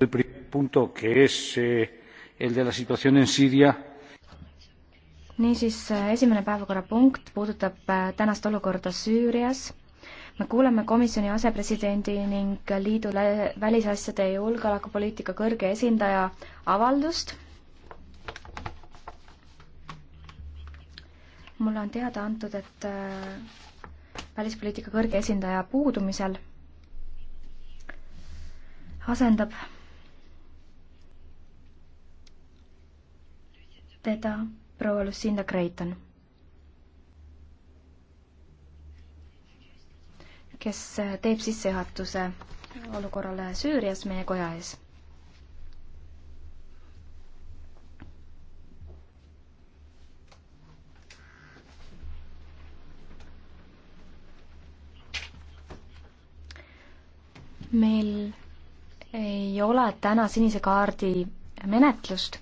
El primer punto, que es eh, el de la situación en Siria. niisiis, eh, esimene päevakorrapunkt puudutab eh, tänast olukorda Süürias. me kuulame komisjoni asepresidendi ning liidu välisasjade ja julgeolekupoliitika kõrge esindaja avaldust. mulle on teada antud, et eh, välispoliitika kõrge esindaja puudumisel asendab teda proua Lucinda Creighton, kes teeb sissejuhatuse olukorrale Süürias meie koja ees. meil ei ole täna sinise kaardi menetlust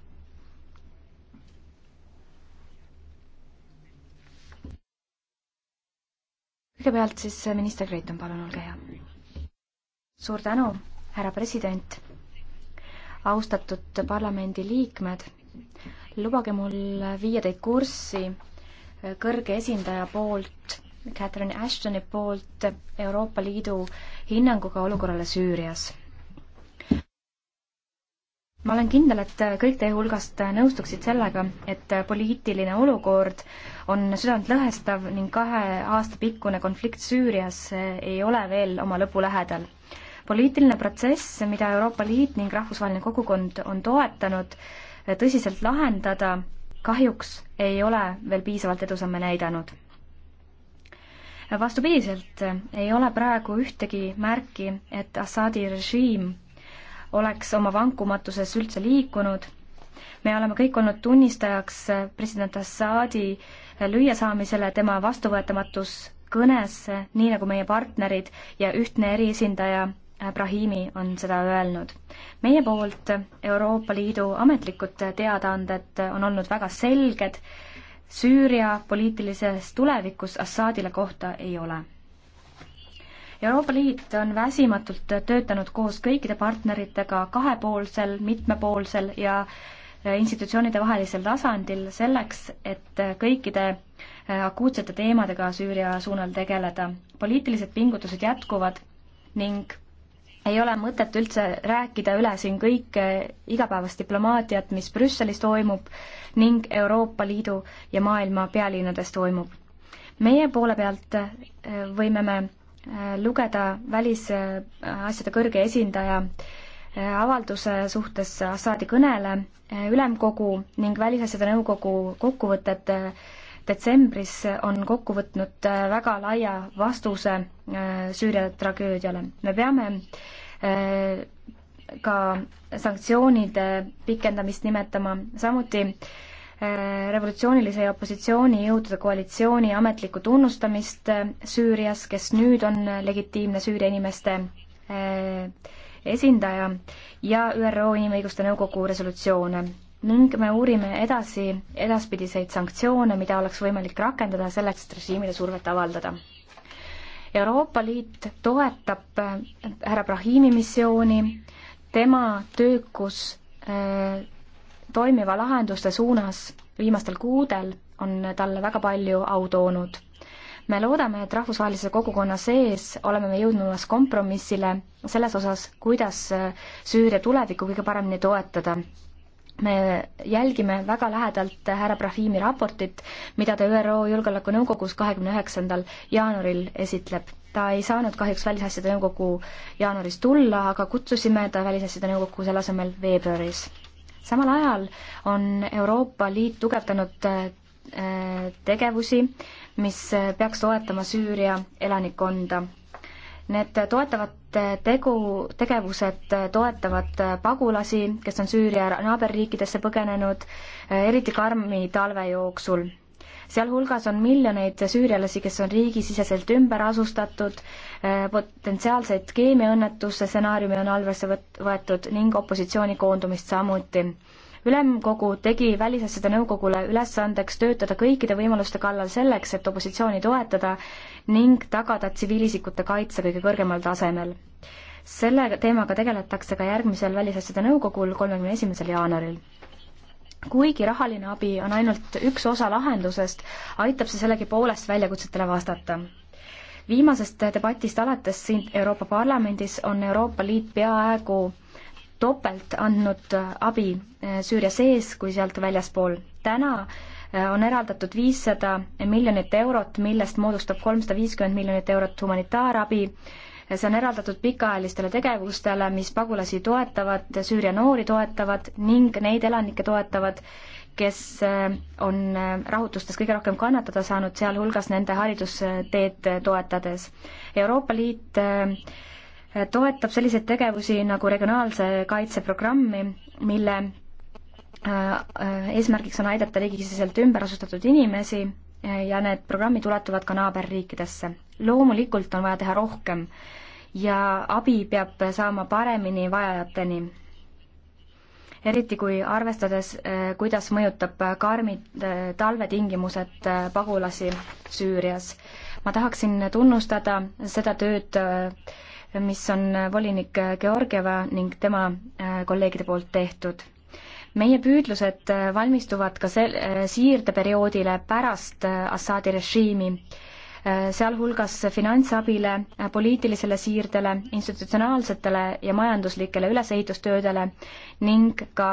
kõigepealt siis äh, minister Kreiton, palun, olge hea. suur tänu, härra president, austatud parlamendiliikmed, lubage mul viia teid kurssi äh, kõrge esindaja poolt, Catherine Ashtoni poolt Euroopa Liidu hinnanguga olukorrale Süürias ma olen kindel, et kõik teie hulgast nõustuksid sellega, et poliitiline olukord on südantlõhestav ning kahe aasta pikkune konflikt Süürias ei ole veel oma lõpu lähedal. poliitiline protsess, mida Euroopa Liit ning rahvusvaheline kogukond on toetanud tõsiselt lahendada, kahjuks ei ole veel piisavalt edusamme näidanud. vastupidiselt ei ole praegu ühtegi märki, et Assadi režiim oleks oma vankumatuses üldse liikunud. me oleme kõik olnud tunnistajaks eh, president Assaadi eh, lüüasaamisele tema vastuvõetamatus kõnes, eh, nii nagu meie partnerid ja ühtne eriesindaja Brahimi on seda öelnud. meie poolt Euroopa Liidu ametlikud teadaanded on olnud väga selged, Süüria poliitilises tulevikus Assadile kohta ei ole Euroopa Liit on väsimatult töötanud koos kõikide partneritega kahepoolsel, mitmepoolsel ja institutsioonide vahelisel tasandil selleks, et kõikide akuutsete teemadega Süüria suunal tegeleda. poliitilised pingutused jätkuvad ning ei ole mõtet üldse rääkida üle siin kõike igapäevast diplomaatiat, mis Brüsselis toimub ning Euroopa Liidu ja maailma pealinnades toimub. meie poole pealt eh, võime me Äh, lugeda välisasjade kõrge esindaja äh, avalduse suhtes Assaadi kõnele, äh, ülemkogu ning Välisasjade Nõukogu kokkuvõtted detsembris on kokku võtnud väga laia vastuse Süüria tragöödiale. me peame ka sanktsioonide pikendamist nimetama, samuti Äh, revolutsioonilise ja opositsioonijõudude koalitsiooni ametlikku tunnustamist äh, Süürias, kes nüüd on äh, legitiimne Süüria inimeste esindaja ja ÜRO Inimõiguste Nõukogu resolutsioone ning me uurime edasi edaspidiseid sanktsioone, mida oleks võimalik rakendada selleks, et režiimile survet avaldada. Euroopa Liit toetab härra Brahimi missiooni, tema töökus äh, toimiva lahenduste suunas viimastel kuudel on talle väga palju au toonud. me loodame, et rahvusvahelise kogukonna sees oleme me jõudmas kompromissile selles osas, kuidas Süüria tulevikku kõige paremini toetada me jälgime väga lähedalt härra Brahimi raportit, mida ta ÜRO Julgeolekunõukogus kahekümne üheksandal jaanuaril esitleb. ta ei saanud kahjuks Välisasjade Nõukogu jaanuaris tulla, aga kutsusime ta Välisasjade Nõukokku selle asemel veebruaris samal ajal on Euroopa Liit tugevdanud äh, tegevusi, mis äh, peaks toetama Süüria elanikkonda. Need toetavad äh, tegu, tegevused toetavad pagulasi, kes on Süüria naaberriikidesse põgenenud, eriti karmi talve jooksul sealhulgas on miljoneid süürialasi, kes on riigisiseselt ümber asustatud, äh, potentsiaalseid keemiaõnnetuste stsenaariumi on arvesse võetud ning opositsiooni koondumist samuti ülemkogu tegi Välisasjade Nõukogule ülesandeks töötada kõikide võimaluste kallal selleks, et opositsiooni toetada ning tagada tsiviilisikute kaitse kõige kõrgemal tasemel. selle teemaga tegeletakse ka järgmisel Välisasjade Nõukogul, kolmekümne esimesel jaanuaril kuigi rahaline abi on ainult üks osa lahendusest, aitab see sellegipoolest väljakutsetele vastata. viimasest debatist alates siin Euroopa Parlamendis on Euroopa Liit peaaegu topelt andnud abi eh, Süüria sees kui sealt väljaspool. täna eh, on eraldatud viissada miljonit eurot, millest moodustab kolmsada viiskümmend miljonit eurot humanitaarabi, see on eraldatud pikaajalistele tegevustele, mis pagulasi toetavad, Süüria noori toetavad ning neid elanikke toetavad, kes eh, on eh, rahutustes kõige rohkem kannatada saanud, sealhulgas nende haridusteed toetades. Euroopa Liit eh, toetab selliseid tegevusi nagu regionaalse kaitse programmi, mille eesmärgiks on aidata riigisiseselt ümberasustatud inimesi ja need programmid ulatuvad ka naaberriikidesse. loomulikult on vaja teha rohkem ja abi peab saama paremini vajajateni. eriti kui arvestades, eh, kuidas mõjutab karmid eh, talvetingimused eh, pagulasi Süürias. ma tahaksin tunnustada seda tööd, mis on volinik Georgieva ning tema kolleegide poolt tehtud meie püüdlused äh, valmistuvad ka sel-, äh, siirdeperioodile pärast äh, Assaadi režiimi, sealhulgas finantsabile, poliitilisele siirdele, institutsionaalsetele ja majanduslikele ülesehitustöödele ning ka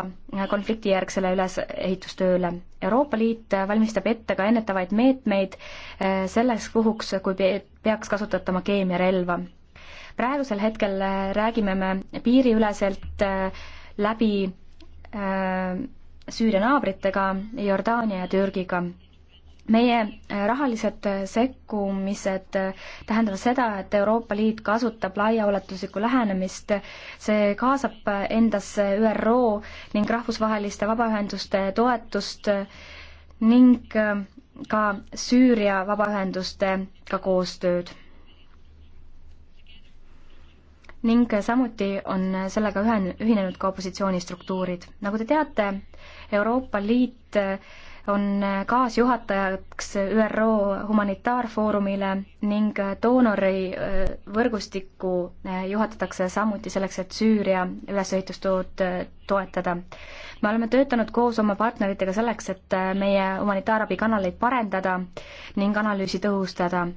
konfliktijärgsele ülesehitustööle. Euroopa Liit valmistab ette ka ennetavaid meetmeid selleks puhuks, kui peaks kasutatama keemiarelva praegusel hetkel räägime me piiriüleselt läbi Äh, Süüria naabritega, Jordaania ja Türgiga. meie äh, rahalised sekkumised äh, tähendavad seda, et Euroopa Liit kasutab laiaulatuslikku lähenemist, see kaasab endasse ÜRO ning rahvusvaheliste vabaühenduste toetust ning ka Süüria vabaühendustega koostööd ning samuti on sellega ühen-, ühinenud ka opositsioonistruktuurid. nagu te teate, Euroopa Liit on kaasjuhatajaks ÜRO humanitaarfoorumile ning doonori äh, võrgustikku äh, juhatatakse samuti selleks, et Süüria ülesehitustööd äh, toetada. me oleme töötanud koos oma partneritega selleks, et meie humanitaarabikanaleid parendada ning analüüsi tõhustada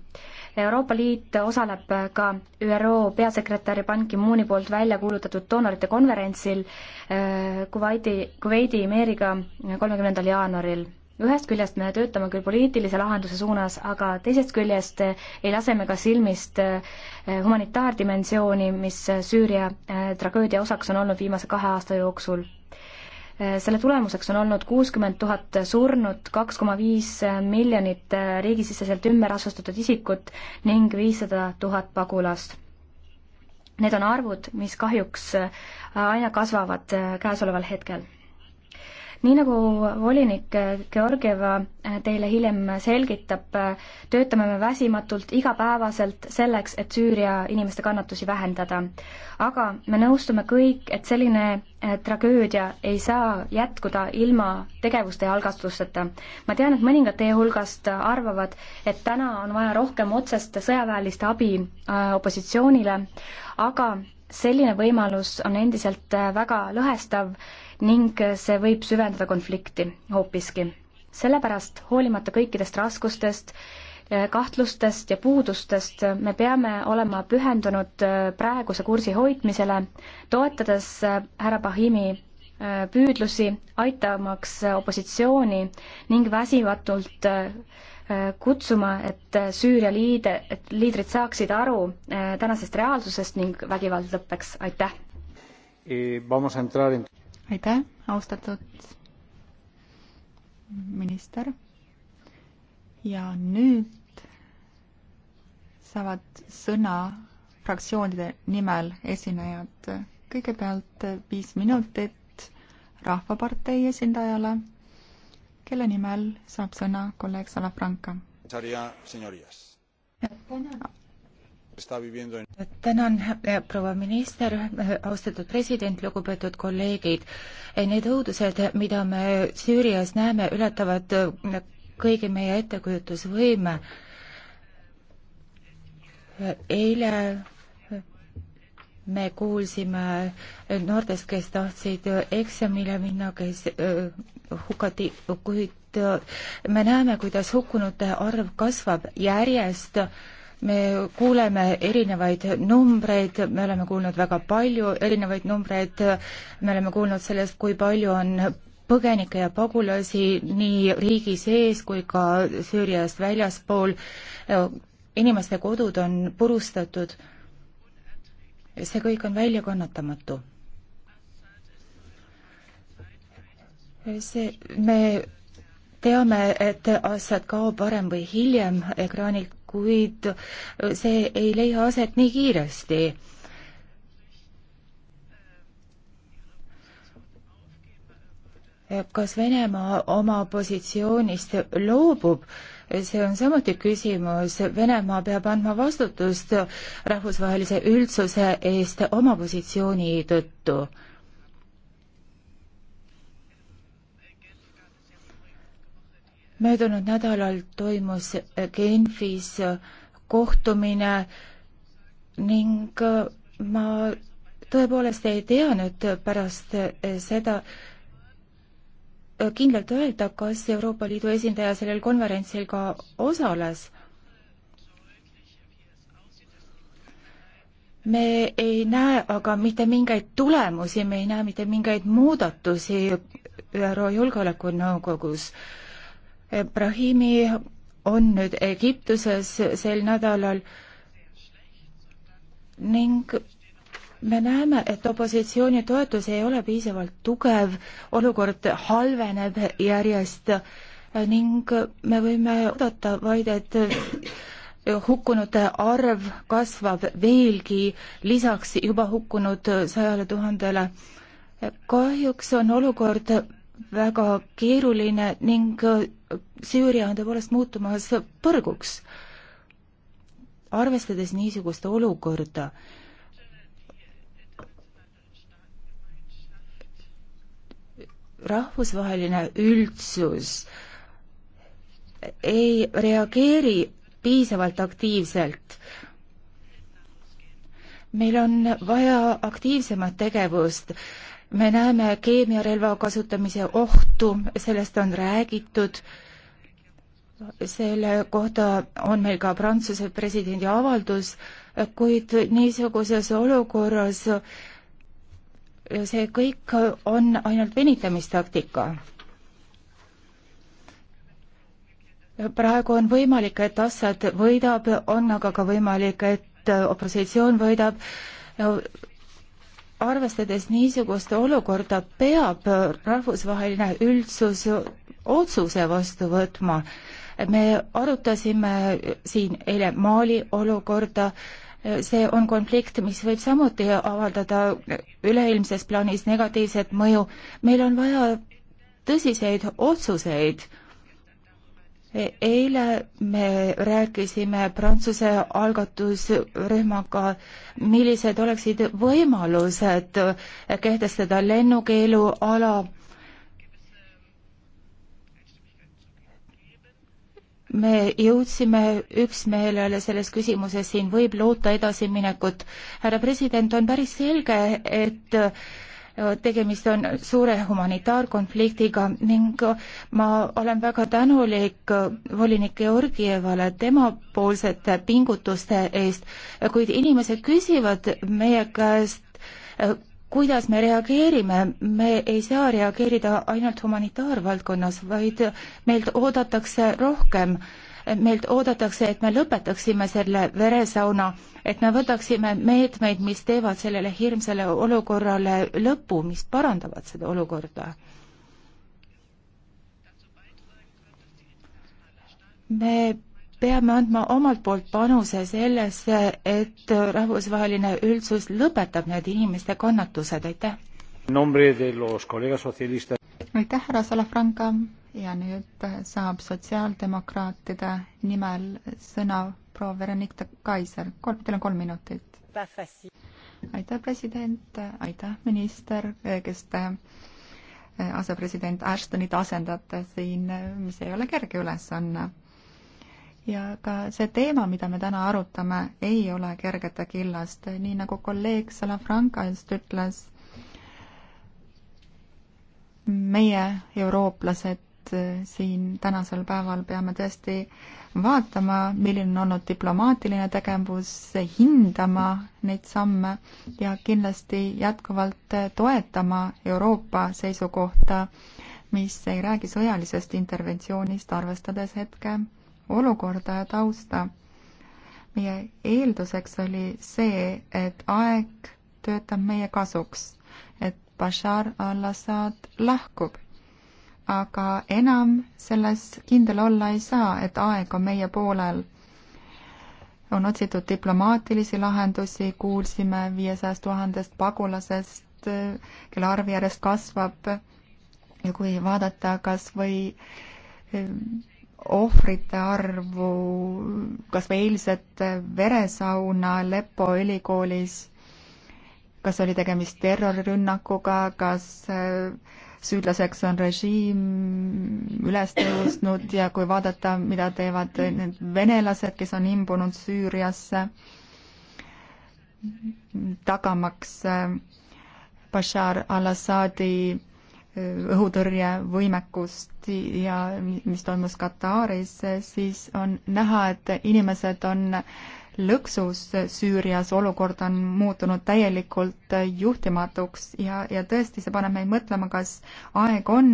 Euroopa Liit osaleb ka ÜRO peasekretäri Ban Ki-mooni poolt välja kuulutatud doonorite konverentsil äh, Kuvaidi, Kuveidi Ameerika kolmekümnendal jaanuaril. ühest küljest me töötame küll poliitilise lahenduse suunas, aga teisest küljest ei lase me ka silmist äh, humanitaardimensiooni, mis Süüria äh, tragöödia osaks on olnud viimase kahe aasta jooksul Eh, selle tulemuseks on olnud kuuskümmend tuhat surnut, kaks koma viis miljonit eh, riigisiseselt ümber asustatud isikut ning viissada tuhat pagulast. Need on arvud, mis kahjuks eh, aina kasvavad käesoleval hetkel nii nagu volinik Georgieva äh, teile hiljem selgitab, äh, töötame me väsimatult igapäevaselt selleks, et Süüria inimeste kannatusi vähendada. aga me nõustume kõik, et selline äh, tragöödia ei saa jätkuda ilma tegevuste ja algastusteta. ma tean, et mõningad teie hulgast arvavad, et täna on vaja rohkem otsest sõjaväelist abi opositsioonile, aga selline võimalus on endiselt väga lõhestav ning see võib süvendada konflikti hoopiski. sellepärast hoolimata kõikidest raskustest, eh, kahtlustest ja puudustest me peame olema pühendunud eh, praeguse kursi hoidmisele, toetades eh, härra Bahimi püüdlusi, aitamaks opositsiooni ning väsivatult kutsuma, et Süüria liide, et liidrid saaksid aru tänasest reaalsusest ning vägivald lõpeks, aitäh! aitäh, austatud minister. ja nüüd saavad sõna fraktsioonide nimel esinejad. kõigepealt viis minutit Rahvapartei esindajale, kelle nimel saab sõna kolleeg Salafranca. tänan tänan, eh, proua minister, eh, austatud president, lugupeetud kolleegid. Eh, need õudused, mida me Süürias näeme, ületavad kõigi meie ettekujutusvõime. eile me kuulsime noortest, kes tahtsid eksamile minna, kes hukati, kuid me näeme, kuidas hukkunute arv kasvab järjest me kuuleme erinevaid numbreid, me oleme kuulnud väga palju erinevaid numbreid, me oleme kuulnud sellest, kui palju on põgenikke ja pagulasi nii riigi sees kui ka Süüriast väljaspool. inimeste kodud on purustatud. see kõik on väljakannatamatu. see, me teame, et Assad kaob varem või hiljem ekraanilt kuid äh, see ei leia aset nii kiiresti. kas Venemaa oma positsioonist loobub? see on samuti küsimus, Venemaa peab andma vastutust rahvusvahelise üldsuse eest oma positsiooni tõttu möödunud nädalal toimus Genfis kohtumine ning ma tõepoolest ei tea nüüd pärast seda kindlalt öelda, kas Euroopa Liidu esindaja sellel konverentsil ka osales me ei näe aga mitte mingeid tulemusi, me ei näe mitte mingeid muudatusi ÜRO Julgeolekunõukogus. Brahimi on nüüd Egiptuses sel nädalal ning me näeme, et opositsiooni toetus ei ole piisavalt tugev, olukord halveneb järjest ning me võime oodata vaid, et hukkunute arv kasvab veelgi, lisaks juba hukkunud sajale tuhandele. kahjuks on olukord väga keeruline ning äh, Süüria on tõepoolest muutumas põrguks. arvestades niisugust olukorda, rahvusvaheline üldsus ei reageeri piisavalt aktiivselt. meil on vaja aktiivsemat tegevust me näeme keemiarelva kasutamise ohtu, sellest on räägitud, selle kohta on meil ka Prantsuse presidendi avaldus, kuid niisuguses olukorras see kõik on ainult venitamistaktika. praegu on võimalik, et Assad võidab, on aga ka võimalik, et opositsioon võidab arvestades niisugust olukorda, peab rahvusvaheline üldsus otsuse vastu võtma. me arutasime siin eile Mali olukorda, see on konflikt, mis võib samuti avaldada üleilmses plaanis negatiivset mõju. meil on vaja tõsiseid otsuseid eile me rääkisime Prantsuse algatusrühmaga, millised oleksid võimalused kehtestada lennukeeluala. me jõudsime üksmeelele selles küsimuses, siin võib loota edasiminekut. härra president, on päris selge, et tegemist on suure humanitaarkonfliktiga ning ma olen väga tänulik volinik Georgievale temapoolsete pingutuste eest, kuid inimesed küsivad meie käest, kuidas me reageerime, me ei saa reageerida ainult humanitaarvaldkonnas, vaid meilt oodatakse rohkem meilt oodatakse, et me lõpetaksime selle veresauna, et me võtaksime meetmeid, mis teevad sellele hirmsale olukorrale lõpu, mis parandavad seda olukorda. me peame andma omalt poolt panuse sellesse, et rahvusvaheline üldsus lõpetab need inimeste kannatused, aitäh! aitäh, härra Salafranca ja nüüd saab sotsiaaldemokraatide nimel sõna proua Veronika Kaiser, kolm, teil on kolm minutit. aitäh, president, aitäh, minister, kes te eh, asepresident Ashtonit asendate siin, mis ei ole kerge ülesanne. ja ka see teema, mida me täna arutame, ei ole kergete killast, nii nagu kolleeg Salafranca just ütles meie, eurooplased, äh, siin tänasel päeval peame tõesti vaatama, milline on olnud diplomaatiline tegevus, hindama neid samme ja kindlasti jätkuvalt äh, toetama Euroopa seisukohta, mis ei räägi sõjalisest interventsioonist, arvestades hetke olukorda ja tausta. meie eelduseks oli see, et aeg töötab meie kasuks Bashar al-Assad lahkub. aga enam selles kindel olla ei saa, et aeg on meie poolel. on otsitud diplomaatilisi lahendusi, kuulsime viiesajast tuhandest pagulasest, kelle arv järjest kasvab ja kui vaadata kas või eh, ohvrite arvu, kas või eilset veresauna Aleppo ülikoolis kas oli tegemist terrorirünnakuga, kas äh, süüdlaseks on režiim üles tõusnud ja kui vaadata, mida teevad need venelased, kes on imbunud Süüriasse, tagamaks äh, Bashar al-Assadi äh, õhutõrjevõimekust ja mis toimus Kataris, siis on näha, et inimesed on lõksus Süürias, olukord on muutunud täielikult juhtimatuks ja, ja tõesti, see paneb meid mõtlema, kas aeg on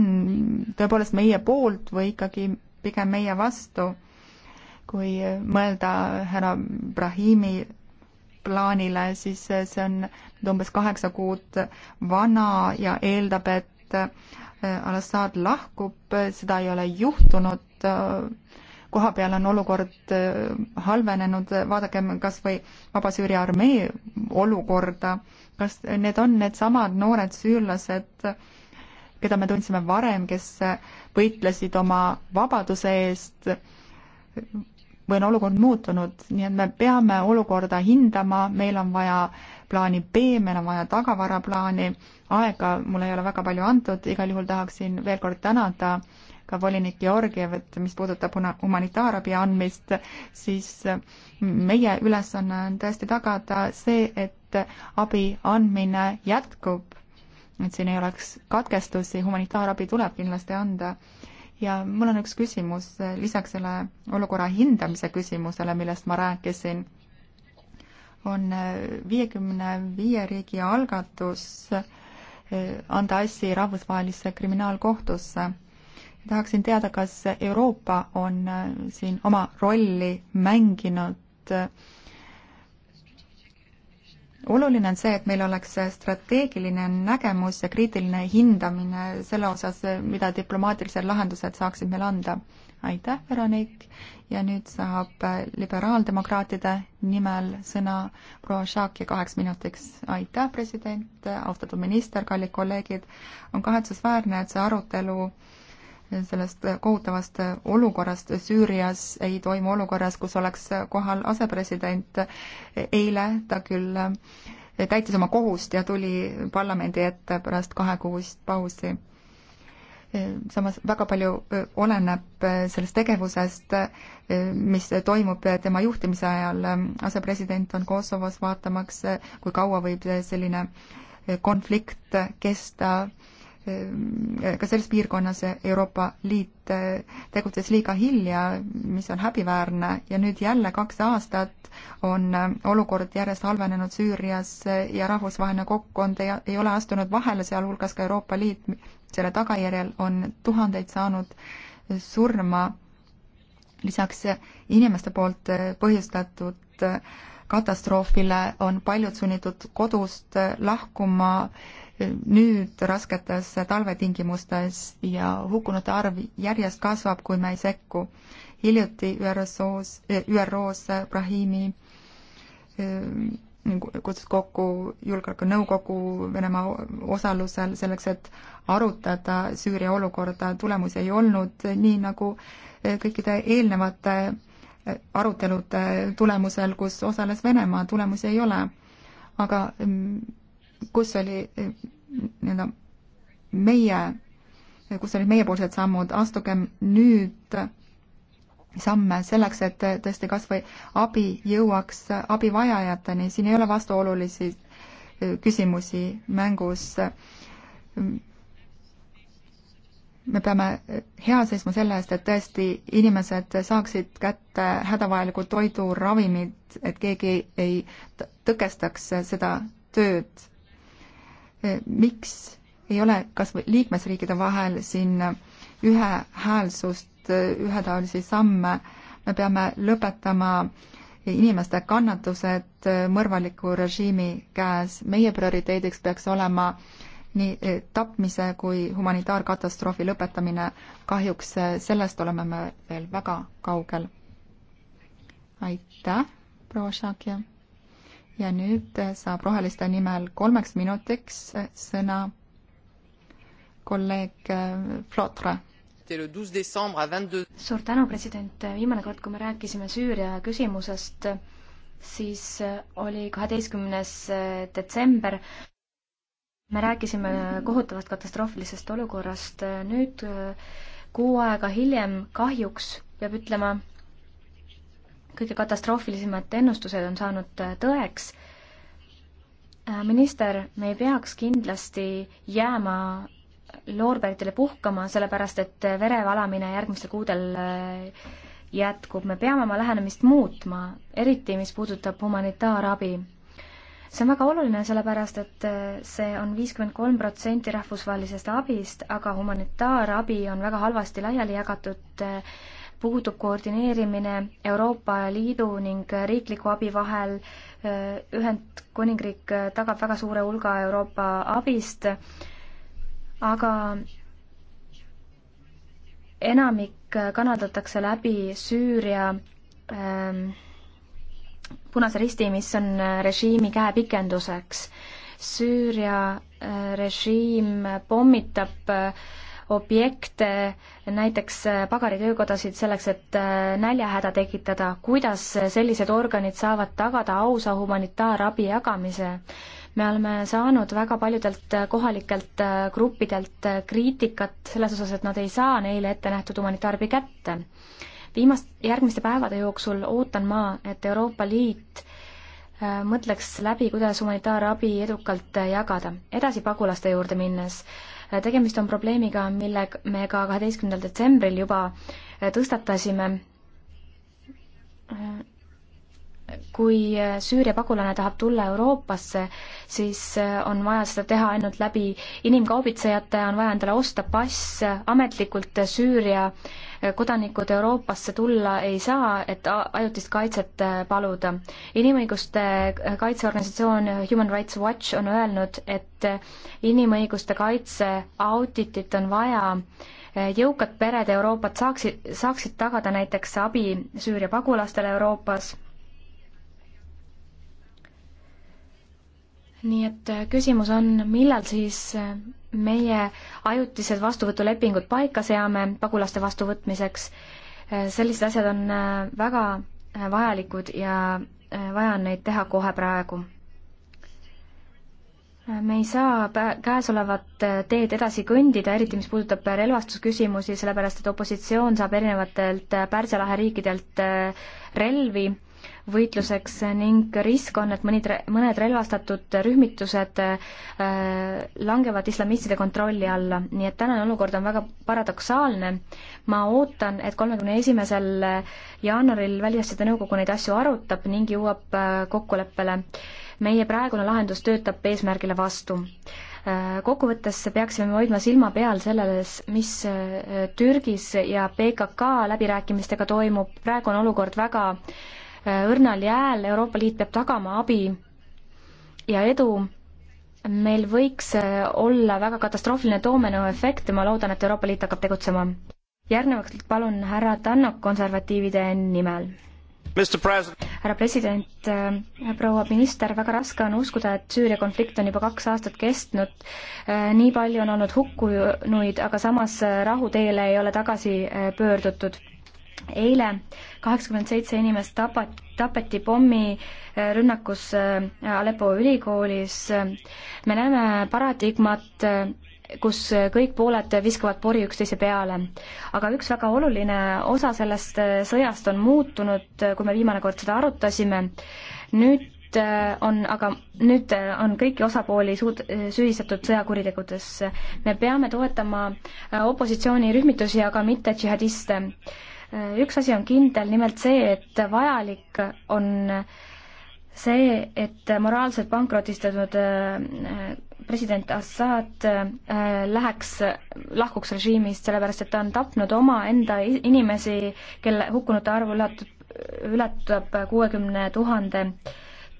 tõepoolest meie poolt või ikkagi pigem meie vastu. kui mõelda härra Brahimi plaanile, siis see on umbes kaheksa kuud vana ja eeldab, et Al-Assad lahkub, seda ei ole juhtunud kohapeal on olukord äh, halvenenud, vaadakem kas või Vaba-Süüria armee olukorda, kas need on needsamad noored süürlased, keda me tundsime varem, kes võitlesid oma vabaduse eest, või on olukord muutunud, nii et me peame olukorda hindama, meil on vaja plaani B, meil on vaja tagavaraplaani, aega mulle ei ole väga palju antud, igal juhul tahaksin veel kord tänada äh, ka volinik Georgiev, et mis puudutab humanitaarabi andmist, siis meie ülesanne on tõesti tagada see, et abi andmine jätkub, et siin ei oleks katkestusi, humanitaarabi tuleb kindlasti anda ja mul on üks küsimus lisaks selle olukorra hindamise küsimusele, millest ma rääkisin, on viiekümne viie riigi algatus eh, anda asi rahvusvahelisse kriminaalkohtusse tahaksin teada, kas Euroopa on äh, siin oma rolli mänginud. oluline on see, et meil oleks strateegiline nägemus ja kriitiline hindamine selle osas, mida diplomaatilised lahendused saaksid meile anda. aitäh, Veronik, ja nüüd saab äh, liberaaldemokraatide nimel sõna proua Šaki kaheks minutiks. aitäh, president, austatud minister, kallid kolleegid, on kahetsusväärne, et see arutelu äh, sellest kohutavast olukorrast Süürias, ei toimu olukorras, kus oleks kohal asepresident. eile ta küll täitis oma kohust ja tuli parlamendi ette pärast kahekuust pausi. samas väga palju oleneb sellest tegevusest, mis toimub tema juhtimise ajal. asepresident on Kosovos vaatamaks, kui kaua võib selline konflikt kesta Ehm, ka selles piirkonnas Euroopa Liit eh, tegutses liiga hilja, mis on häbiväärne, ja nüüd jälle kaks aastat on eh, olukord järjest halvenenud Süürias eh, ja rahvusvaheline kokkond ei, ei ole astunud vahele, sealhulgas ka Euroopa Liit. selle tagajärjel on tuhandeid saanud surma, lisaks inimeste poolt põhjustatud katastroofile on paljud sunnitud kodust lahkuma nüüd rasketes talvetingimustes ja hukkunute arv järjest kasvab, kui me ei sekku. hiljuti ÜRO-s, eh, ÜRO-s Brahimi eh, kutsus kokku Julgeolekunõukogu Venemaa osalusel selleks, et arutada Süüria olukorda, tulemusi ei olnud, nii nagu eh, kõikide eelnevate arutelude tulemusel, kus osales Venemaa, tulemusi ei ole. aga mm, kus oli eh, nii-öelda meie, eh, kus olid meiepoolsed sammud, astugem nüüd samme selleks, et eh, tõesti kas või abi jõuaks abivajajateni, siin ei ole vastuolulisi küsimusi mängus. me peame hea seisma selle eest, et tõesti inimesed saaksid kätte hädavajalikud toidu, ravimid, et keegi ei tõkestaks seda tööd Eh, miks ei ole kas või liikmesriikide vahel siin eh, ühehäälsust, eh, ühetaolisi samme, me peame lõpetama inimeste kannatused mõrvaliku režiimi käes, meie prioriteediks peaks olema nii tapmise kui humanitaarkatastroofi lõpetamine, kahjuks sellest oleme me veel väga kaugel. aitäh, proua Šakja! ja nüüd äh, saab Roheliste nimel kolmeks minutiks äh, sõna kolleeg äh, Flotre. suur tänu, president, viimane kord, kui me rääkisime Süüria küsimusest, siis oli kaheteistkümnes detsember. me rääkisime kohutavast katastroofilisest olukorrast, nüüd kuu aega hiljem kahjuks peab ütlema, kõige katastroofilisemad ennustused on saanud äh, tõeks. Äh, minister, me ei peaks kindlasti jääma loorberitele puhkama, sellepärast et äh, vere valamine järgmistel kuudel jätkub, me peame oma lähenemist muutma, eriti mis puudutab humanitaarabi. see on väga oluline, sellepärast et see on viiskümmend kolm protsenti rahvusvahelisest abist, aga humanitaarabi on väga halvasti laiali jagatud äh, puudub koordineerimine Euroopa Liidu ning riikliku abi vahel. Ühendkuningriik tagab väga suure hulga Euroopa abist, aga enamik kanaldatakse läbi Süüria ähm, Punase Risti, mis on äh, režiimi käepikenduseks. Süüria äh, režiim pommitab äh, objekte, näiteks äh, pagaritöökodasid, selleks et äh, näljahäda tekitada. kuidas sellised organid saavad tagada ausa humanitaarabi jagamise? me oleme saanud väga paljudelt äh, kohalikelt gruppidelt kriitikat selles osas, et nad ei saa neile ette nähtud humanitaarabi kätte. viimast, järgmiste päevade jooksul ootan ma, et Euroopa Liit Äh, mõtleks läbi, kuidas humanitaarabi edukalt äh, jagada. edasi pagulaste juurde minnes, äh, tegemist on probleemiga, mille me ka kaheteistkümnendal detsembril juba tõstatasime kui äh, Süüria pagulane tahab tulla Euroopasse, siis äh, on vaja seda teha ainult läbi inimkaubitsejate, on vaja endale osta pass, ametlikult äh, Süüria kodanikud Euroopasse tulla ei saa, et ajutist kaitset paluda. inimõiguste kaitseorganisatsioon Human Rights Watch on öelnud, et inimõiguste kaitse auditit on vaja jõukad pered Euroopat saaksid, saaksid tagada näiteks abi Süüria pagulastele Euroopas nii et äh, küsimus on, millal siis äh, meie ajutised vastuvõtulepingud paika seame pagulaste vastuvõtmiseks. Äh, sellised asjad on väga vajalikud ja vaja on neid teha kohe praegu. me ei saa käesolevat teed edasi kõndida, eriti mis puudutab relvastusküsimusi, sellepärast et opositsioon saab erinevatelt Pärsia lahe riikidelt relvi võitluseks ning risk on, et mõnid, mõned relvastatud rühmitused äh, langevad islamistide kontrolli alla, nii et tänane olukord on väga paradoksaalne. ma ootan, et kolmekümne esimesel jaanuaril Välisasjade Nõukogu neid asju arutab ning jõuab äh, kokkuleppele. meie praegune lahendus töötab eesmärgile vastu äh, kokkuvõttes peaksime hoidma silma peal selles, mis Türgis ja PKK läbirääkimistega toimub, praegu on olukord väga äh, õrnal jääl, Euroopa Liit peab tagama abi ja edu meil võiks olla väga katastroofiline toomenõuefekt ja ma loodan, et Euroopa Liit hakkab tegutsema. järgnevaks palun härra Tannok konservatiivide nimel. härra president, äh, proua minister, väga raske on uskuda, et Süüria konflikt on juba kaks aastat kestnud. Äh, nii palju on olnud hukkunuid, aga samas äh, rahu teele ei ole tagasi pöördutud eile kaheksakümmend seitse inimest tapat-, tapeti pommirünnakus äh, äh, Aleppo ülikoolis. me näeme paradigmat, äh, kus kõik pooled viskavad pori üksteise peale. aga üks väga oluline osa sellest sõjast on muutunud, kui me viimane kord seda arutasime, nüüd on aga, nüüd on kõiki osapooli suud-, süüdistatud sõjakuritegudes. me peame toetama opositsioonirühmitusi, aga mitte džihadiste üks asi on kindel, nimelt see, et vajalik on see, et moraalselt pankrotistatud äh, president Assad äh, läheks, lahkuks režiimist, sellepärast et ta on tapnud omaenda inimesi, kelle hukkunute arv ületab, ületab kuuekümne tuhande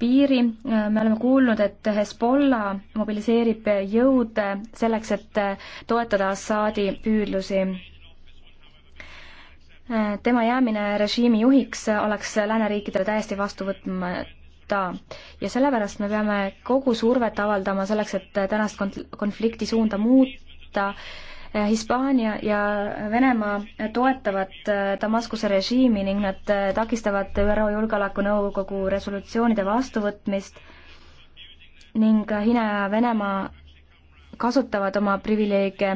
piiri, äh, me oleme kuulnud, et Hezbollah mobiliseerib jõude selleks, et toetada Assaadi püüdlusi tema jäämine režiimi juhiks oleks lääneriikidele täiesti vastuvõtmata ja sellepärast me peame kogu survet avaldama selleks, et tänast konflikti suunda muuta. Hispaania ja Venemaa toetavad Damaskuse režiimi ning nad takistavad ÜRO Julgeolekunõukogu resolutsioonide vastuvõtmist ning Hiina ja Venemaa kasutavad oma privileege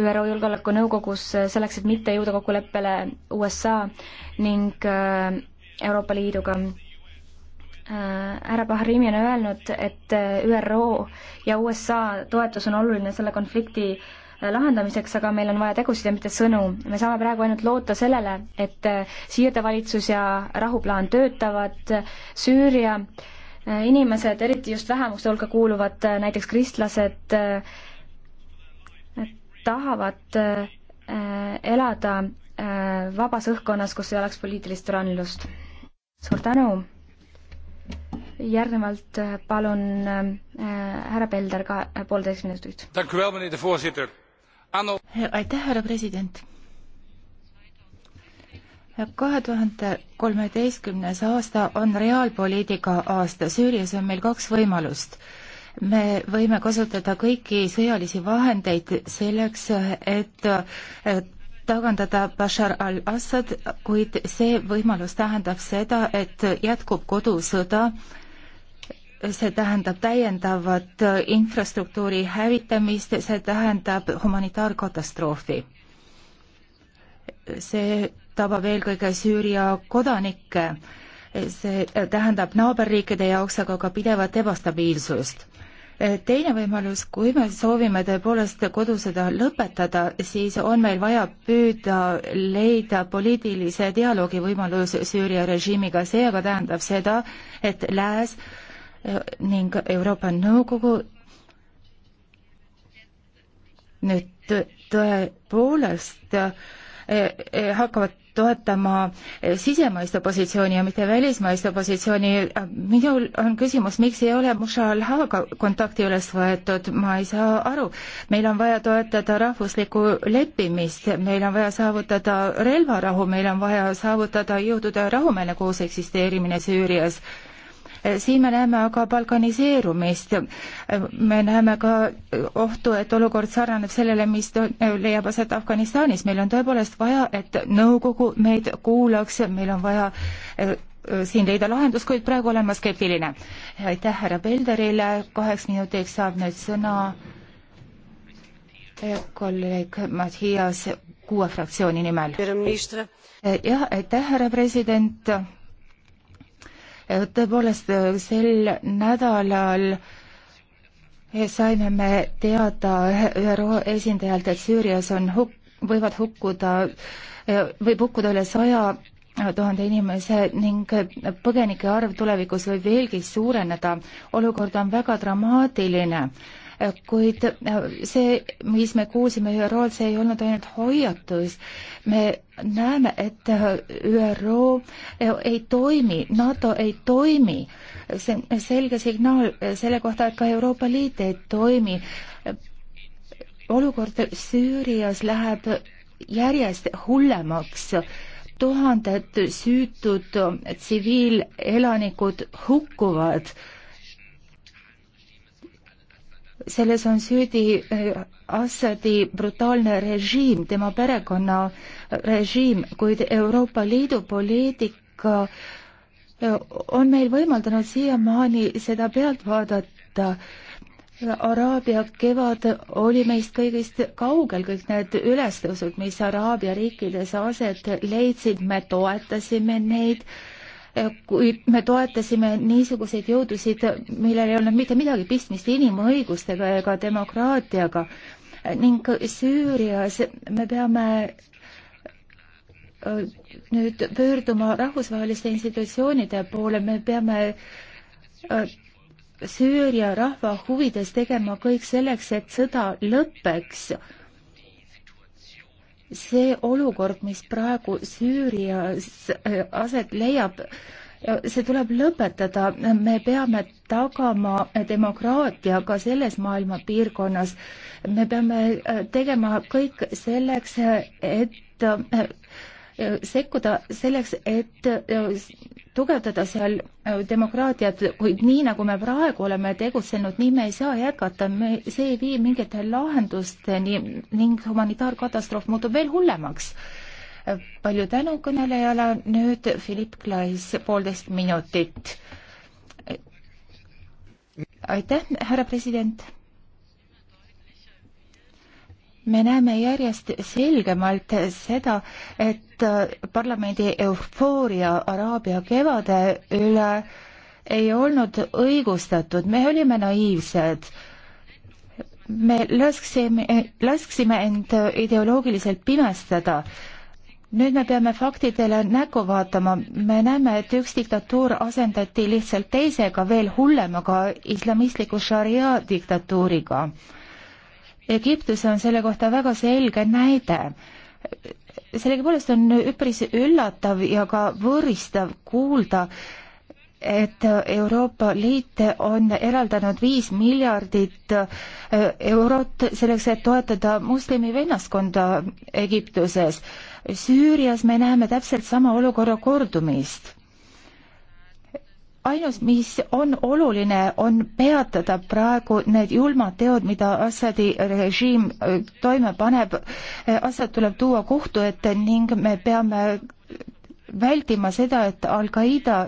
ÜRO Julgeolekunõukogus selleks, et mitte jõuda kokkuleppele USA ning äh, Euroopa Liiduga äh, härra Bahrimi on öelnud, et äh, ÜRO ja USA toetus on oluline selle konflikti lahendamiseks, aga meil on vaja tegusid ja mitte sõnu. me saame praegu ainult loota sellele, et siirdevalitsus ja rahuplaan töötavad, Süüria inimesed, eriti just vähemuste hulka kuuluvad näiteks kristlased, tahavad äh, elada äh, vabas õhkkonnas, kus ei oleks poliitilist rannlust. suur tänu! järgnevalt äh, palun härra Pelder ka poolteist minutit. aitäh, härra president! kahe tuhande kolmeteistkümnes aasta on reaalpoliitika aasta, Süürias on meil kaks võimalust me võime kasutada kõiki sõjalisi vahendeid selleks, et tagandada Bashar al-Assad, kuid see võimalus tähendab seda, et jätkub kodusõda, see tähendab täiendavat infrastruktuuri hävitamist, see tähendab humanitaarkatastroofi. see tabab eelkõige Süüria kodanikke, see tähendab naaberriikide jaoks aga ka pidevat ebastabiilsust Äh, teine võimalus, kui me soovime tõepoolest kodusõda lõpetada, siis on meil vaja püüda leida poliitilise dialoogi võimalus Süüria režiimiga, see aga tähendab seda, et Lääs äh, ning Euroopa Nõukogu nüüd tõepoolest äh, hakkavad toetama eh, sisemaiste positsiooni ja mitte välismaiste positsiooni. minul on küsimus, miks ei ole Mushalhaga kontakti üles võetud, ma ei saa aru. meil on vaja toetada rahvuslikku leppimist, meil on vaja saavutada relvarahu, meil on vaja saavutada jõudude rahumeelne kooseksisteerimine Süürias siin me näeme aga balkaniseerumist. me näeme ka ohtu, et olukord sarnaneb sellele, mis leiab aset Afganistanis. meil on tõepoolest vaja, et nõukogu meid kuulaks, meil on vaja eh, siin leida lahendus, kuid praegu olen ma skeptiline. aitäh härra Pelderile, kaheks minutiks saab nüüd sõna eh, kolleeg Mattias kuue fraktsiooni nimel. Eh, jah, aitäh, härra president tõepoolest eh, sel nädalal saime me teada ÜRO esindajalt, et Süürias on hukk, võivad hukkuda, eh, võib hukkuda üle saja tuhande inimese ning põgenike arv tulevikus võib veelgi suureneda. olukord on väga dramaatiline kuid äh, see, mis me kuulsime ÜRO-l, see ei olnud ainult hoiatus. me näeme, et äh, ÜRO äh, ei toimi, NATO ei toimi. see on selge signaal selle kohta, et ka Euroopa Liit ei toimi. olukord Süürias läheb järjest hullemaks tuhanded süütud tsiviilelanikud hukkuvad äh, selles on süüdi äh, Assadi brutaalne režiim, tema perekonna äh, režiim, kuid Euroopa Liidu poliitika äh, on meil võimaldanud siiamaani seda pealt vaadata. Araabia kevad oli meist kõigist kaugel, kõik need ülestõusud, mis Araabia riikides aset leidsid, me toetasime neid Eh, kuid me toetasime niisuguseid jõudusid, millel ei olnud mitte midagi pistmist inimõigustega ega demokraatiaga eh, ning Süürias me peame eh, nüüd pöörduma rahvusvaheliste institutsioonide poole, me peame Süüria rahva huvides tegema kõik selleks, et sõda lõpeks see olukord, mis praegu Süürias äh, aset leiab, see tuleb lõpetada, me peame tagama demokraatia ka selles maailma piirkonnas. me peame äh, tegema kõik selleks, et äh, Äh, sekkuda selleks, et äh, tugevdada seal äh, demokraatiat, kuid nii, nagu me praegu oleme tegutsenud, nii me ei saa jätkata, me, see ei vii mingite lahendusteni ning humanitaarkatastroof muutub veel hullemaks. palju tänu kõnelejale, nüüd Philipp Klais, poolteist minutit. aitäh, härra president me näeme järjest selgemalt seda, et parlamendi eufooria Araabia kevade üle ei olnud õigustatud, me olime naiivsed. me lasksime, lasksime end ideoloogiliselt pimestada. nüüd me peame faktidele näkku vaatama, me näeme, et üks diktatuur asendati lihtsalt teisega, veel hullemaga, islamistliku šaria diktatuuriga Egiptus on selle kohta väga selge näide. sellegipoolest on üpris üllatav ja ka võõristav kuulda, et Euroopa Liit on eraldanud viis miljardit äh, eurot selleks, et toetada moslemi vennaskonda Egiptuses. Süürias me näeme täpselt sama olukorra kordumist ainus, mis on oluline, on peatada praegu need julmad teod, mida Assadi režiim äh, toime paneb. Assad tuleb tuua kohtu ette ning me peame vältima seda, et Al-Qaeda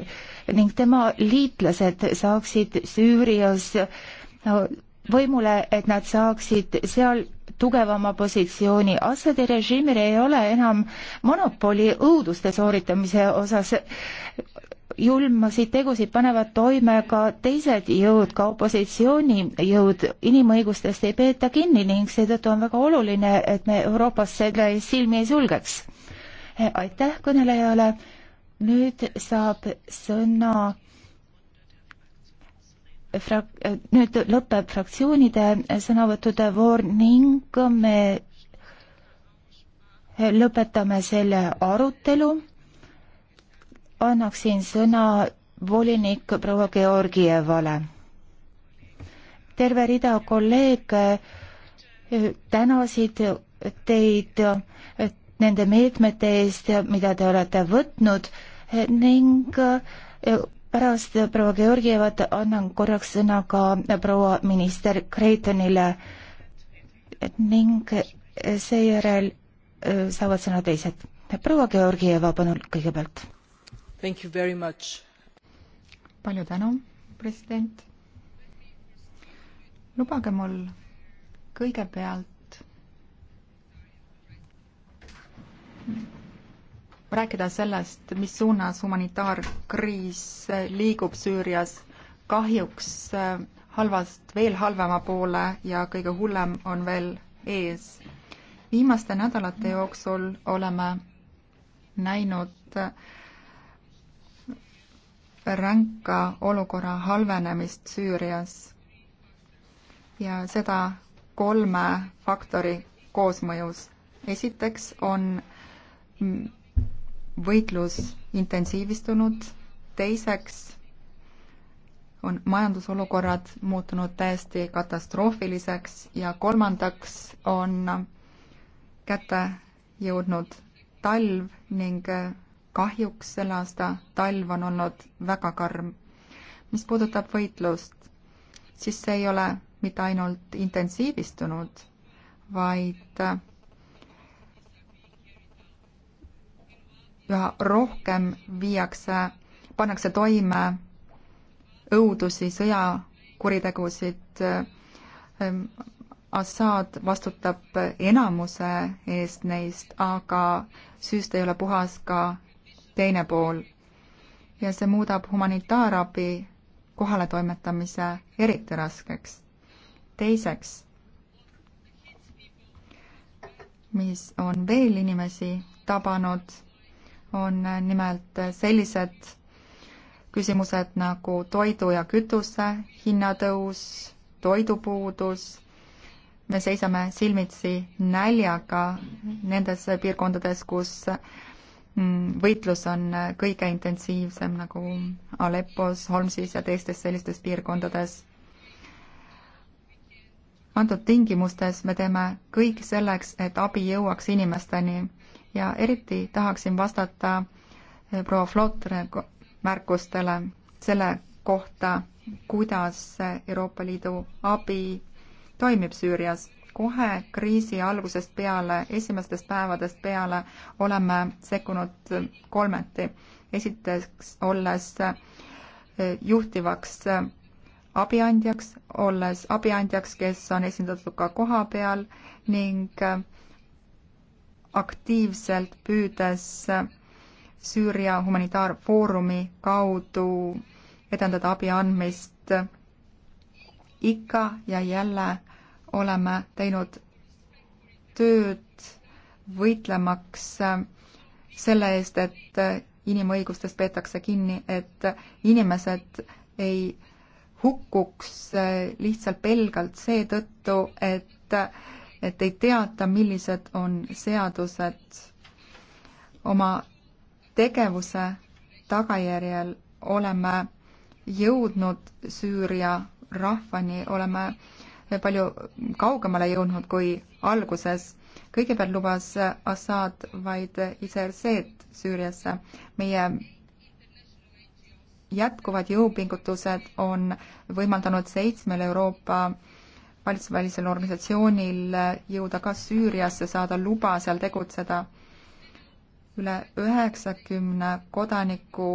ning tema liitlased saaksid Süürias äh, võimule, et nad saaksid seal tugevama positsiooni. Assadi režiimil ei ole enam monopoli õuduste sooritamise osas julmasid tegusid panevad toime ka teised jõud, ka opositsioonijõud, inimõigustest ei peeta kinni ning seetõttu on väga oluline, et me Euroopas selle eest silmi ei sulgeks. aitäh kõnelejale, nüüd saab sõna frak-, nüüd lõpeb fraktsioonide sõnavõttude voor ning me lõpetame selle arutelu annaksin sõna volinik proua Georgievale. terve rida kolleege eh, tänasid teid eh, nende meetmete eest, mida te olete võtnud eh, ning pärast proua Georgievat annan korraks sõna ka proua minister Kreitonile ning seejärel saavad sõna teised. proua Georgieva, palun kõigepealt Thank you very much. palju tänu, president. lubage mul kõigepealt rääkida sellest, mis suunas humanitaarkriis liigub Süürias. kahjuks äh, halvast veel halvema poole ja kõige hullem on veel ees. viimaste nädalate jooksul oleme näinud äh, ränka olukorra halvenemist Süürias ja seda kolme faktori koosmõjus. esiteks on võitlus intensiivistunud, teiseks on majandusolukorrad muutunud täiesti katastroofiliseks ja kolmandaks on kätte jõudnud talv ning kahjuks selle aasta talv on olnud väga karm. mis puudutab võitlust, siis see ei ole mitte ainult intensiivistunud, vaid üha rohkem viiakse, pannakse toime õudusi, sõjakuritegusid. Assad vastutab enamuse eest neist, aga süüst ei ole puhas ka teine pool ja see muudab humanitaarabi kohaletoimetamise eriti raskeks. teiseks, mis on veel inimesi tabanud, on nimelt sellised küsimused nagu toidu ja kütuse hinnatõus, toidupuudus, me seisame silmitsi näljaga nendes piirkondades, kus Mm, võitlus on äh, kõige intensiivsem nagu Aleppos, Holmsis ja teistes sellistes piirkondades. antud tingimustes me teeme kõik selleks, et abi jõuaks inimesteni ja eriti tahaksin vastata äh, proua Flotre märkustele selle kohta, kuidas äh, Euroopa Liidu abi toimib Süürias kohe kriisi algusest peale, esimestest päevadest peale oleme sekkunud kolmeti. esiteks olles eh, juhtivaks eh, abiandjaks, olles abiandjaks, kes on esindatud ka koha peal ning eh, aktiivselt püüdes Süüria humanitaarfoorumi kaudu edendada abi andmist ikka ja jälle oleme teinud tööd võitlemaks selle eest, et inimõigustest peetakse kinni, et inimesed ei hukkuks lihtsalt pelgalt seetõttu, et, et ei teata, millised on seadused. oma tegevuse tagajärjel oleme jõudnud Süüria rahvani, oleme äh, palju kaugemale jõudnud kui alguses. kõigepealt lubas Assad vaid ICRC-d Süüriasse. meie jätkuvad jõupingutused on võimaldanud seitsmel Euroopa valitsusvälisel organisatsioonil jõuda ka Süüriasse, saada luba seal tegutseda. üle üheksakümne kodaniku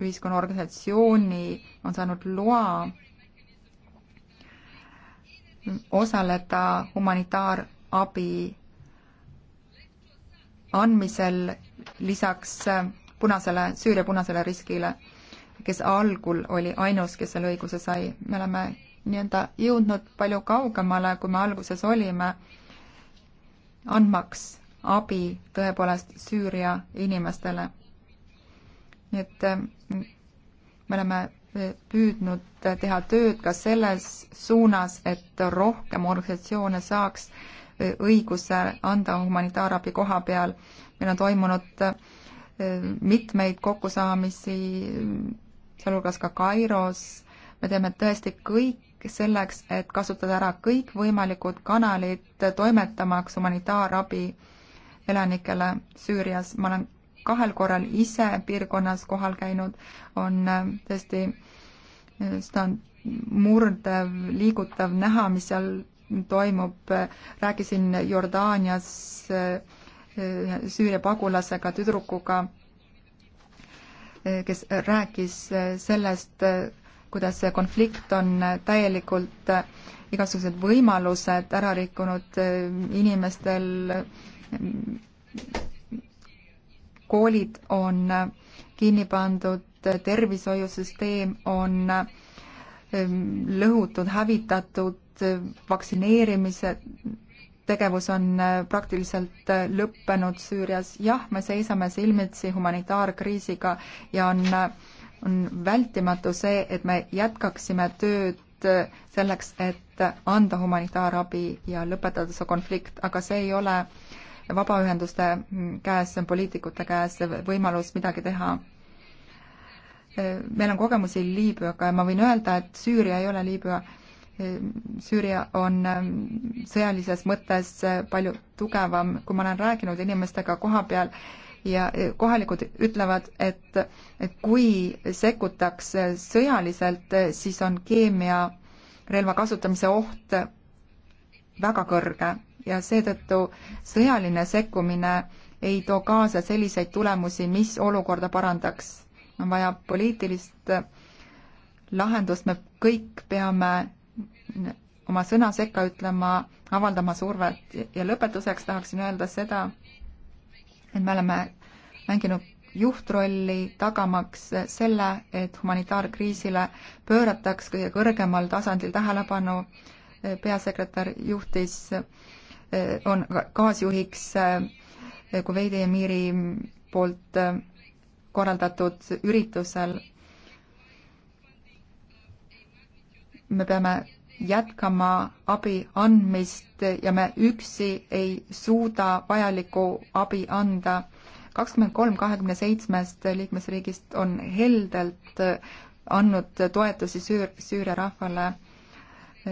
ühiskonnaorganisatsiooni on saanud loa osaleda humanitaarabi andmisel lisaks punasele, Süüria punasele riskile, kes algul oli ainus, kes selle õiguse sai. me oleme nii-öelda jõudnud palju kaugemale, kui me alguses olime, andmaks abi tõepoolest Süüria inimestele. nii et mm, me oleme püüdnud teha tööd ka selles suunas, et rohkem organisatsioone saaks õiguse anda humanitaarabi koha peal. meil on toimunud äh, mitmeid kokkusaamisi, sealhulgas ka Kairos, me teeme tõesti kõik selleks, et kasutada ära kõikvõimalikud kanalid, toimetamaks humanitaarabi elanikele Süürias, ma olen kahel korral ise piirkonnas kohal käinud, on äh, tõesti äh, seda murdev, liigutav näha, mis seal toimub, rääkisin Jordaanias äh, Süüria pagulasega, tüdrukuga, kes rääkis sellest, kuidas see konflikt on täielikult igasugused võimalused ära rikkunud inimestel koolid on kinni pandud, tervishoiusüsteem on ehm, lõhutud, hävitatud, vaktsineerimise tegevus on eh, praktiliselt eh, lõppenud Süürias. jah, me seisame silmitsi humanitaarkriisiga ja on, eh, on vältimatu see, et me jätkaksime tööd selleks, et anda humanitaarabi ja lõpetada see konflikt, aga see ei ole äh, vabaühenduste käes, see on poliitikute käes võimalus midagi teha. meil on kogemusi Liibüaga ja ma võin öelda, et Süüria ei ole Liibüa. Süüria on sõjalises mõttes palju tugevam, kui ma olen rääkinud inimestega koha peal ja kohalikud ütlevad, et, et kui sekkutakse sõjaliselt, siis on keemiarelva kasutamise oht väga kõrge ja seetõttu sõjaline sekkumine ei too kaasa selliseid tulemusi, mis olukorda parandaks. on vaja poliitilist lahendust, me kõik peame oma sõna sekka ütlema, avaldama survet ja lõpetuseks tahaksin öelda seda, et me oleme mänginud juhtrolli tagamaks selle, et humanitaarkriisile pöörataks kõige kõrgemal tasandil tähelepanu. peasekretär juhtis on kaasjuhiks äh, Kuveidi emiiri poolt äh, korraldatud üritusel. me peame jätkama abi andmist ja me üksi ei suuda vajalikku abi anda. kakskümmend kolm kahekümne seitsmest liikmesriigist on heldelt äh, andnud toetusi Süür-, Süüria rahvale.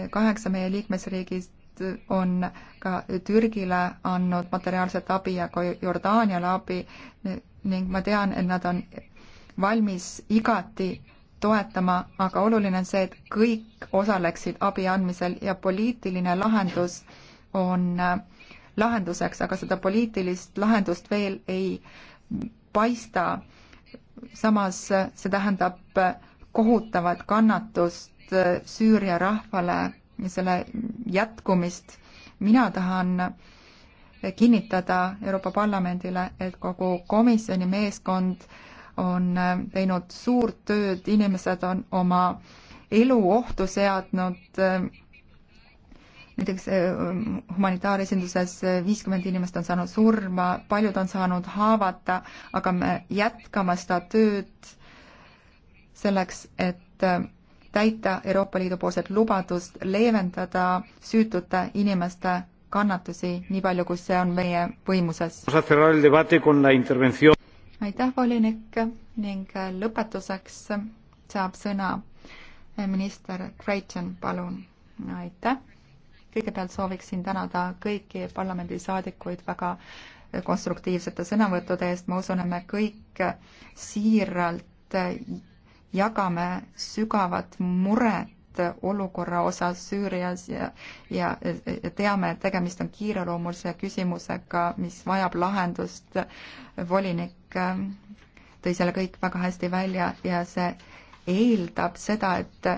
kaheksa meie liikmesriigist on ka Türgile andnud materiaalset abi ja ka Jordaaniale abi ning ma tean, et nad on valmis igati toetama, aga oluline on see, et kõik osaleksid abi andmisel ja poliitiline lahendus on lahenduseks, aga seda poliitilist lahendust veel ei paista. samas see tähendab kohutavat kannatust Süüria rahvale selle jätkumist. mina tahan kinnitada Euroopa Parlamendile, et kogu komisjoni meeskond on teinud suurt tööd, inimesed on oma elu ohtu seadnud, näiteks eh, humanitaaresinduses viiskümmend inimest on saanud surma, paljud on saanud haavata, aga me jätkame seda tööd selleks, et täita Euroopa Liidu poolset lubadust leevendada süütute inimeste kannatusi nii palju, kui see on meie võimuses. aitäh, volinik ning lõpetuseks saab sõna minister Creighton, palun. aitäh. kõigepealt sooviksin tänada kõiki parlamendisaadikuid väga konstruktiivsete sõnavõttude eest, ma usun, et me kõik siiralt jagame sügavat muret olukorra osas Süürias ja, ja teame, et tegemist on kiireloomulise küsimusega, mis vajab lahendust. volinik ähm, tõi selle kõik väga hästi välja ja see eeldab seda, et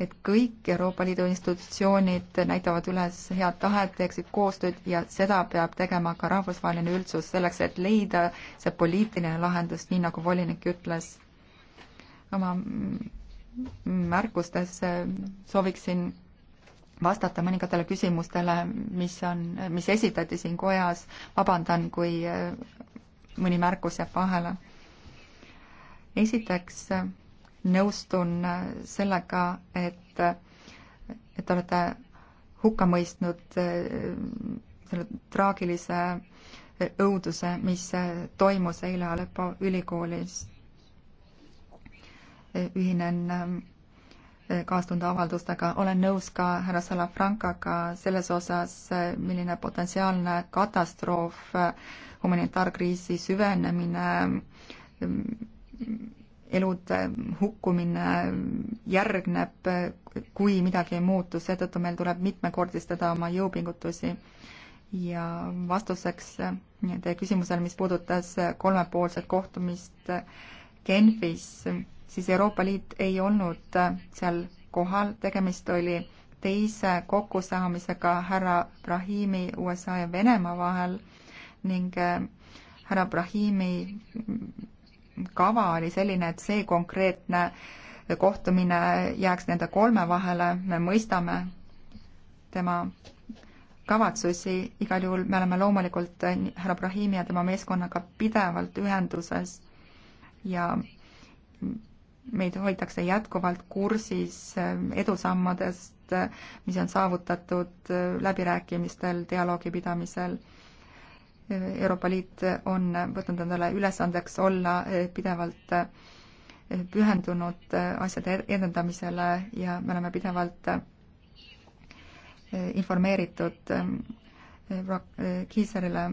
et kõik Euroopa Liidu institutsioonid näitavad üles head tahet, teeksid koostööd ja seda peab tegema ka rahvusvaheline üldsus selleks, et leida see poliitiline lahendus, nii nagu volinik ütles oma märkustes äh, sooviksin vastata mõningatele küsimustele, mis on, mis esitati siin kojas, vabandan, kui äh, mõni märkus jääb vahele. esiteks äh, nõustun sellega, et, et te olete hukka mõistnud selle traagilise õuduse, mis toimus eile Aleppo ülikoolis ühinen äh, kaastunde avaldustega, olen nõus ka härra Salafrankaga selles osas, äh, milline potentsiaalne katastroof, äh, humanitaarkriisi süvenemine, elude hukkumine järgneb, kui midagi ei muutu, seetõttu meil tuleb mitmekordistada oma jõupingutusi. ja vastuseks teie küsimusele, mis puudutas kolmepoolset kohtumist Genfis, siis Euroopa Liit ei olnud äh, seal kohal, tegemist oli teise kokkusaamisega härra Brahimi USA ja Venemaa vahel ning äh, härra Brahimi kava oli selline, et see konkreetne kohtumine jääks nende kolme vahele, me mõistame tema kavatsusi, igal juhul me oleme loomulikult äh, härra Brahimi ja tema meeskonnaga pidevalt ühenduses ja meid hoitakse jätkuvalt kursis eh, edusammadest, eh, mis on saavutatud eh, läbirääkimistel, dialoogi pidamisel. Euroopa Liit on võtnud endale ülesandeks olla pidevalt pühendunud asjade edendamisele ja me oleme pidevalt informeeritud Kiiserile.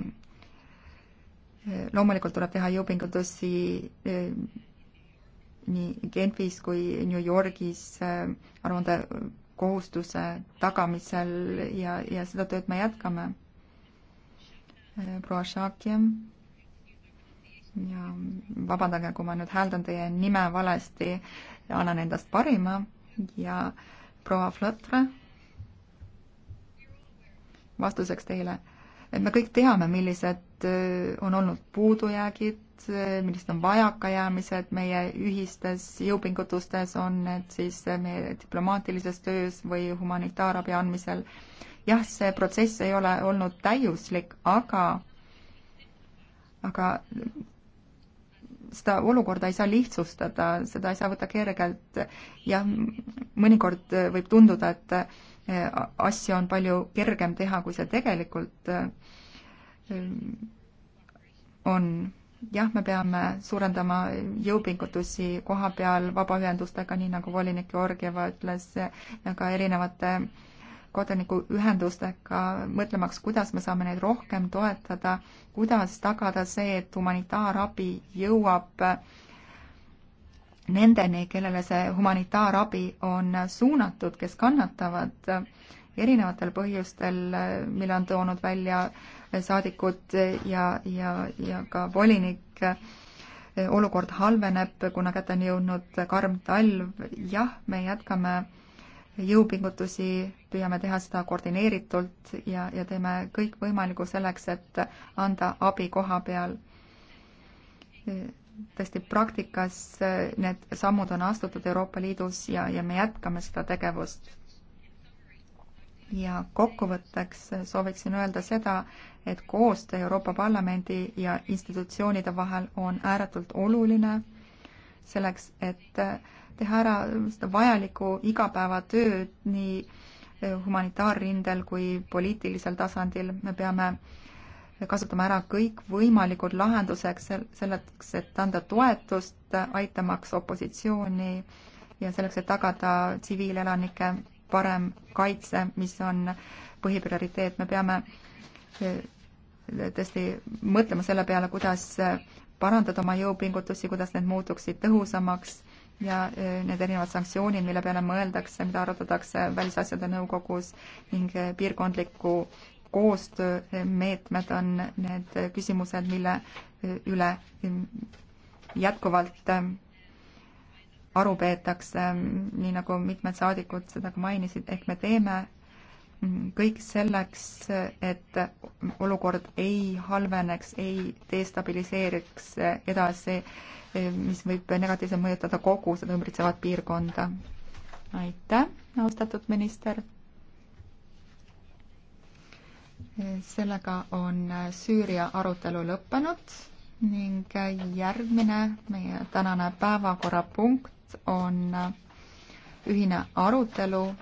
loomulikult tuleb teha jõupingutusi nii Genfis kui New Yorgis äh, aruandekohustuse äh, tagamisel ja, ja seda tööd me jätkame. Äh, proua Šakjem ja vabandage, kui ma nüüd hääldan teie nime valesti, annan endast parima ja proua Flõtre, vastuseks teile et me kõik teame, millised äh, on olnud puudujäägid, äh, millised on vajakajäämised meie ühistes jõupingutustes, on need siis äh, meie diplomaatilises töös või humanitaarabi andmisel. jah, see protsess ei ole olnud täiuslik, aga, aga seda olukorda ei saa lihtsustada, seda ei saa võtta kergelt. jah, mõnikord võib tunduda, et eh, asja on palju kergem teha, kui see tegelikult eh, on. jah, me peame suurendama jõupingutusi koha peal vabaühendustega, nii nagu volinik Georgieva ütles, ja ka erinevate äh, kodanikuühendustega, mõtlemaks, kuidas me saame neid rohkem toetada, kuidas tagada see, et humanitaarabi jõuab nendeni, kellele see humanitaarabi on suunatud, kes kannatavad erinevatel põhjustel, mille on toonud välja saadikud ja, ja, ja ka volinik, olukord halveneb, kuna kätte on jõudnud karm talv, jah, me jätkame äh, jõupingutusi, püüame teha seda koordineeritult ja, ja teeme kõik võimaliku selleks, et anda abi koha peal. tõesti, praktikas need sammud on astutud Euroopa Liidus ja, ja me jätkame seda tegevust. ja kokkuvõtteks sooviksin öelda seda, et koostöö Euroopa Parlamendi ja institutsioonide vahel on ääretult oluline selleks, et äh, teha ära seda vajalikku igapäevatööd nii äh, humanitaarrindel kui poliitilisel tasandil. me peame kasutama ära kõik võimalikud lahenduseks selleks, et anda toetust, aitamaks opositsiooni ja selleks, et tagada tsiviilelanike parem kaitse, mis on põhiprioriteet. me peame äh, tõesti mõtlema selle peale, kuidas parandada oma jõupingutusi, kuidas need muutuksid tõhusamaks ja e, need erinevad sanktsioonid, mille peale mõeldakse, mida arutatakse Välisasjade Nõukogus ning e, piirkondliku koostöömeetmed e, on need küsimused, mille üle jätkuvalt aru peetakse, nii nagu mitmed saadikud seda ka mainisid, ehk me teeme kõik selleks, et olukord ei halveneks, ei destabiliseeriks edasi, mis võib negatiivselt mõjutada kogu seda ümbritsevat piirkonda. aitäh, austatud minister. sellega on Süüria arutelu lõppenud ning järgmine meie tänane päevakorrapunkt on ühine arutelu,